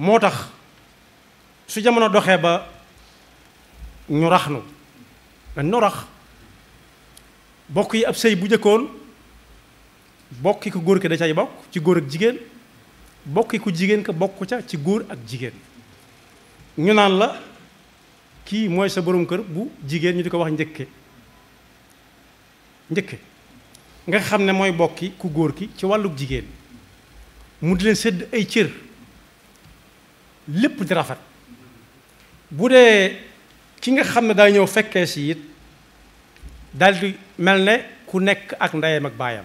moo tax su jamono doxee ba ñu rax nu dañ nu rax bokk yi ab sëy bu jëkkoon bokk yi ko góor ki da cay bokk ci góor ak jigéen bokk ku jigéen ka bokk ca ci góor ak jigéen ñu naan la kii mooy sa boroom kër bu jigéen ñu di ko wax njëkke njëkke nga xam ne mooy bokki ku góor ki ci wàllu jigéen mu di leen sédd ay cër lépp di rafet bu dee ki nga xam ne daa ñëw fekkee siit daldi mel ne ku nekk ak ndeyam ak baayam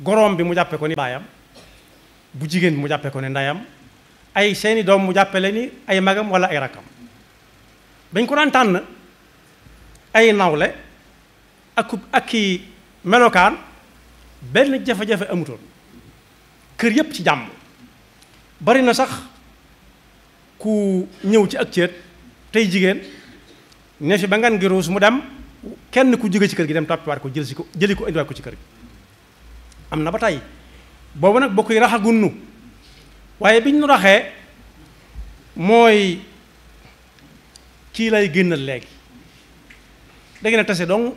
gorom bi mu jàppe ko ni baayam bu jigéen bi mu jàppe ko ni ndeyam ay seeni doom mu jàppe leen ni ay magam walla ay rakkam dañ ko daan tànn ay nawle ak ak i melokaan benn jafe-jafe amutoon kër yépp ci jàmm bari na sax ku ñëw ci ak céet tey jigéen ne fi ba ngeen gi ruus mu dem kenn ku jóge ci kër gi dem toppiwaat ko jël ko jëli ko indiwaat ko ci kër gi am na ba tey boobu nag bokk yi raxagun nu waaye biñ nu raxee mooy kii lay génnal léegi da na tase donc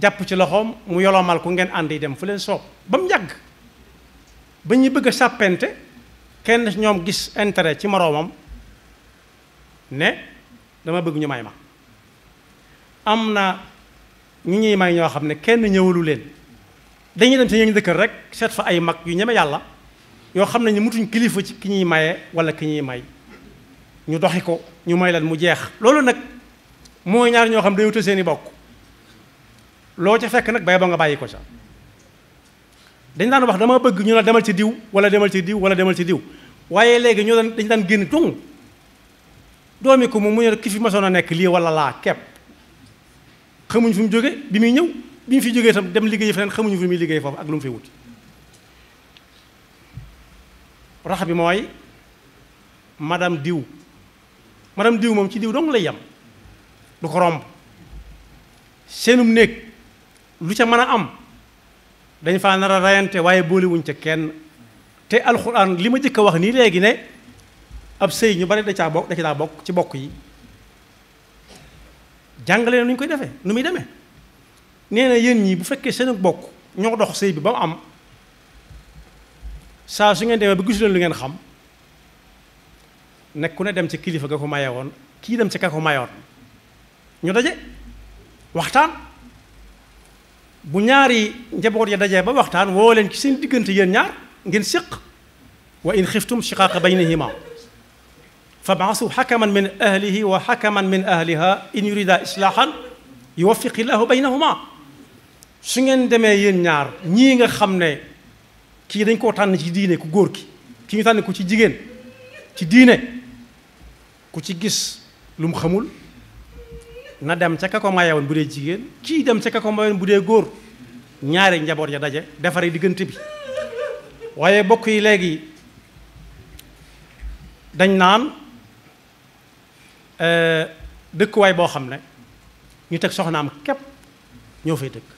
jàpp ci loxoom mu yoloomal ku ngeen ànd yi dem fu leen soob ba mu yàgg ba ñuy bëgg a sàppente kenn ñoom gis intérêt ci moroomam ne dama bëgg ñu may ma am na ñi ñuy may ñoo xam ne kenn ñëwalu leen dañuy dem ci ñooñu dëkkal rek seet fa ay mag yu ñeme yàlla yoo xam ne ñu mutuñ kilifa ci ki ñuy maye wala ki ñuy may ñu doxi ko ñu may leen mu jeex loolu nag mooy ñaar ñoo xam ne dañoo tëj seen i bokk loo ca fekk nag bay ba nga bàyyi ko ca dañ daan wax dama bëgg ñu ne demal ci diw wala demal ci diw wala demal ci diw waaye léegi ñoo daan dañ daan génn tuŋ doomi ko mu mu ne ki fi masoon a nekk lii wala laa kepp xamuñ fu mu jóge bi muy ñëw bi mu fi jógee itam dem liggéey feneen xamuñu fi muy liggéey foofu ak lu mu fi wut rax bi mooy madame diw madame diw moom ci diw doom lay yem du ko romb seenum néeg lu ca mën a am dañ faa nar a rayante waaye boolewuñ ca kenn te alxuraan li ma jëkk a wax nii léegi ne ab sëy ñu bari da caa bokk da ci daa bokk ci bokk yi jàngale na koy defee nu muy demee nee na yéen ñii bu fekkee seen bokk ñoo dox sëy bi ba mu am saa su ngeen demee ba gisu lu ngeen xam nekk ku ne dem ci kilifa ga ko maye woon kii dem ci ka ko mayoon ñu daje waxtaan bu ñaari njaboot ya dajee ba waxtaan woo leen ci seen diggante yéen ñaar ngeen séq wa in xiftum shiqaaqa baynihima fabaasu xakaman min ahlihi wa xakaman min ahliha in yurida islaahan yuwaffiqi llahu baynahuma su ngeen demee yéen ñaar ñii nga xam ne kii dañ koo tànn ci diine ku góor ki ki ñu ku ci jigéen ci diine ku ci gis lu mu xamul na dem ca ka ko mayewoon bu dee jigéen kii dem ca ka ko mayewoon bu dee góor ñaari njaboot ya daje defaree diggante bi waaye bokk yi léegi dañ naan euh, dëkkuwaay boo xam ne ñu teg soxnaam képp ñoo fay dëkk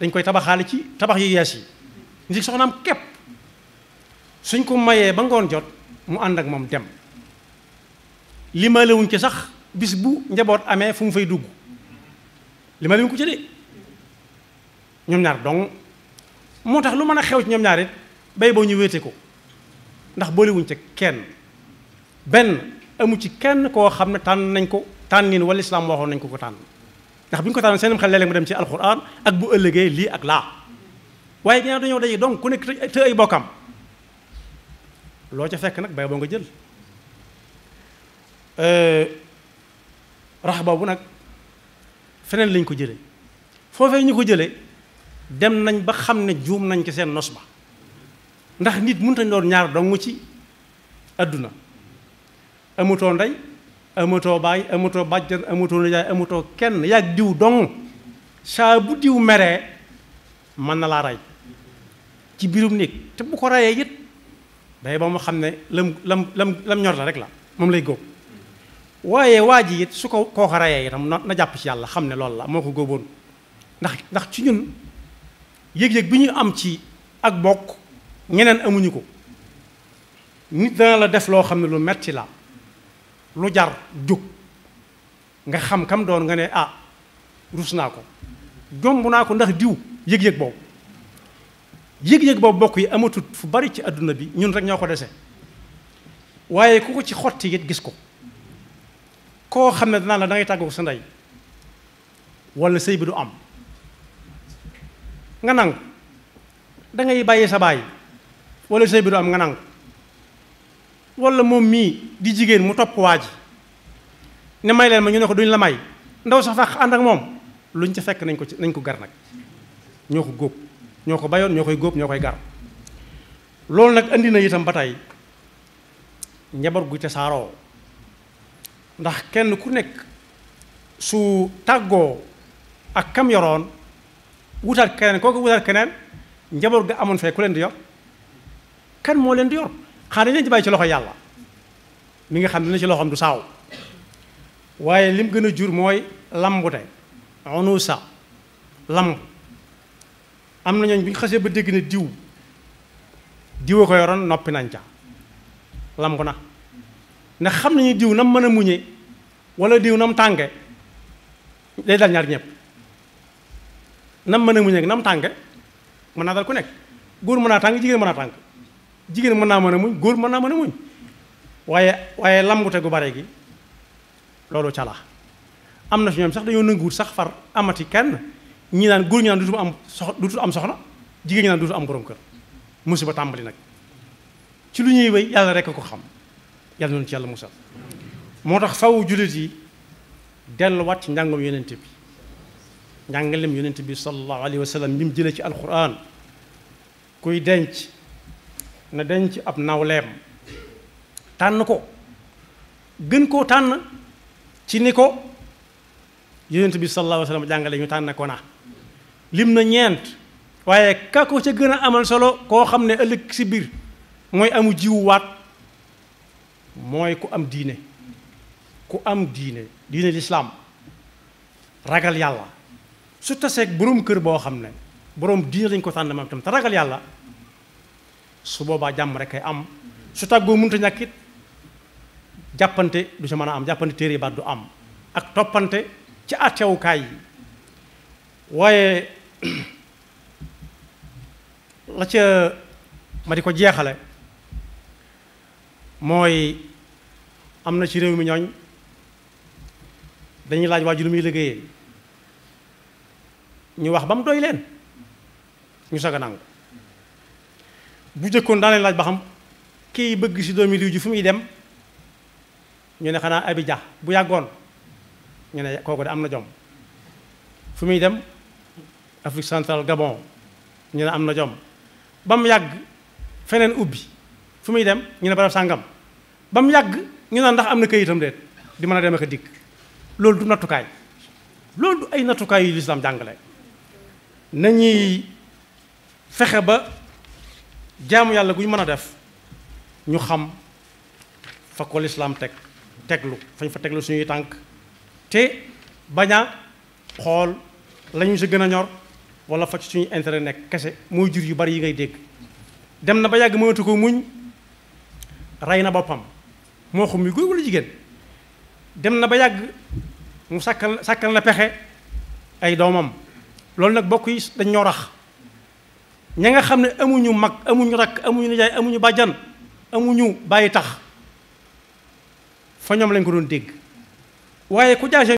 dañ koy tabaxaale ci tabax yu yees yi ñu teg soxnaam képp suñ ko mayee ba ngoon jot mu ànd ak moom dem limaale wuñ ci sax bis bu njaboot amee fu mu fay dugg li ma leen ko ci de ñoom ñaar dong moo tax lu mën a xew ci ñoom ñaar bay boo ñu wéete ko ndax boolewuñ ca kenn benn amu ci kenn koo xam ne tànn nañ ko tànnin wala islaam waxoon nañ ko ko tànn ndax bu ñu ko tànn seen xel léeg-léeg dem ci alquran ak bu ëllëgee lii ak laa waaye ginnaaw dañoo daje donc ku nekk te ay bokkam loo ca fekk nag bay boo nga jël euh, rax boobu nag feneen lañ ko jële foofee ñu ko jële dem nañ ba xam ne juum nañ ko seen nos ba ndax nit mënut a doon ñaar dong ci àdduna amatoo ndey amatoo baay amatoo bàjjan amatoo nijaay amatoo kenn yàgg diw dong saa bu diw meree mën na laa rey ci biirum néeg te bu ko reyee it day ba mu xam ne lam lam lam lam ñor la rek la moom lay góob waaye waa ji it su ko koo ko rayee itam na jàpp ci yàlla xam ne loolu la moo ko góoboon ndax ndax ci ñun yëg-yëg bi ñu am ci ak bokk ñeneen amuñu ko nit dana la def loo xam ne lu metti la lu jar jóg nga xam kam doon nga ne ah ruus naa ko jomb naa ko ndax diw yëg-yëg boobu yëg-yëg boobu bokk yi amatut fu bari ci àdduna bi ñun rek ñoo ko dese waaye ku ko ci xotti it gis ko koo xam ne danaa la dangay tàggoog sa ndey walla sëy bi du am nga nangu dangay bàyyi sa baay walla sëy bi du am nga nangu wala moom mii di jigéen mu topp waa ji ne may leen ma ñu ne ko duñ la may ndaw sax fàq ànd ak moom luñ ca fekk nañ ko ci nañ ko gar nag ñoo ko góob ñoo ko bayoon ñoo koy góob ñoo koy gar loolu nag indi na itam ba tey njaboot gu te saaroo ndax kenn ku nekk su tàggoo ak kam yoroon wutaat keneen kooku wutaat keneen njaboot ga amoon fee ku leen di yor kenn moo leen di yor xanaa dañ leen ci bàyyi ci loxo yàlla mi nga xam ne dina ci loxoom du saaw waaye lim gën a jur mooy lambute onusa lamb am na ñooñ bi ñu xasee ba dégg ne diw diw ko yoroon noppi nañ ca lamb na ndax xam nañu diw nam mën a muñe wala diw na mu tànke day dal ñaar ñëpp nam mën a muñe nam tànke mën naa dal ku nekk góor mën naa tànk jigéen mën naa tànk jigéen mën naa mën a muñ góor mën naa mën a muñ waaye waaye lambute gu bare gi loolu ca am na fi ñoom sax dañoo nanguwut sax far amati kenn ñi naan góor ñi naan duutu am sox duutu am soxna jigéen ñi naan duutu am borom kër musiba tàmbali nag ci lu ñuy wéy yàlla rekk ko xam yàlla noonu ci yàlla musal moo tax faw jullit yi delluwaat ci njàngam yonent bi njàngalem yonent bi sallallahu alayhi wa sallam bi mu jëlee ci alquran kuy denc na denc ab nawleem tànn ko gën koo tànn ci ni ko yonent bi sallallahu alayhi wa sallam jàngale ñu tànn ko na lim na ñeent waaye ka ko ca gën a amal solo koo xam ne ëllëg si biir mooy amu jiwu waat mooy ku am diine ku am diine diine lislaam ragal yàlla su taseeg boroom kër boo xam ne boroom diine lañ ko tànn moom tam te ragal yàlla su boobaa jàmm rek kay am su tàggoo mënut a ñàkk jàppante du sa mën a am jàppante téere baat du am ak toppante ci àttewukaay yi waaye la ca ma di ko jeexale mooy am na ci réew mi ñooñ dañuy laaj waajur muy liggéeyee ñu wax ba mu doy leen ñu saga nangu bu jëkkoon daa laaj ba xam kii bëgg si doomi liw ji fu muy dem ñu ne xanaa Abidjan bu yàggoon ñu ne kooku de am na jom fu muy dem Afrique centrale Gabon ñu ne am na jom ba mu yàgg feneen ubbi fu muy dem ñu ne barab sàngam ba mu yàgg ñu naan ndax am na këyitam déet di mën a dem ak a dikk loolu du nattukaay loolu du ay nattukaay yu lislaam jàngale nañuy fexe ba jaamu yàlla gu ñu mën a def ñu xam fa ko lislaam teg teglu fañ fa teglu suñuy tànk te bañ a xool lañu si gën a ñor wala fa ci suñu intérêt nekk kese mooy jur yu bari yi ngay dégg dem na ba yàgg mënatu ko muñ rey na boppam moo xam muy góor wala jigéen dem na ba yàgg mu sàkkal sàkkal na pexe ay doomam loolu nag bokk yi dañ ñoo rax ña nga xam ne amuñu mag amuñu rakk amuñu nijaay amuñu bàjjan amuñu bàyyi tax fa ñoom lañ ko doon dégg waaye ku jaase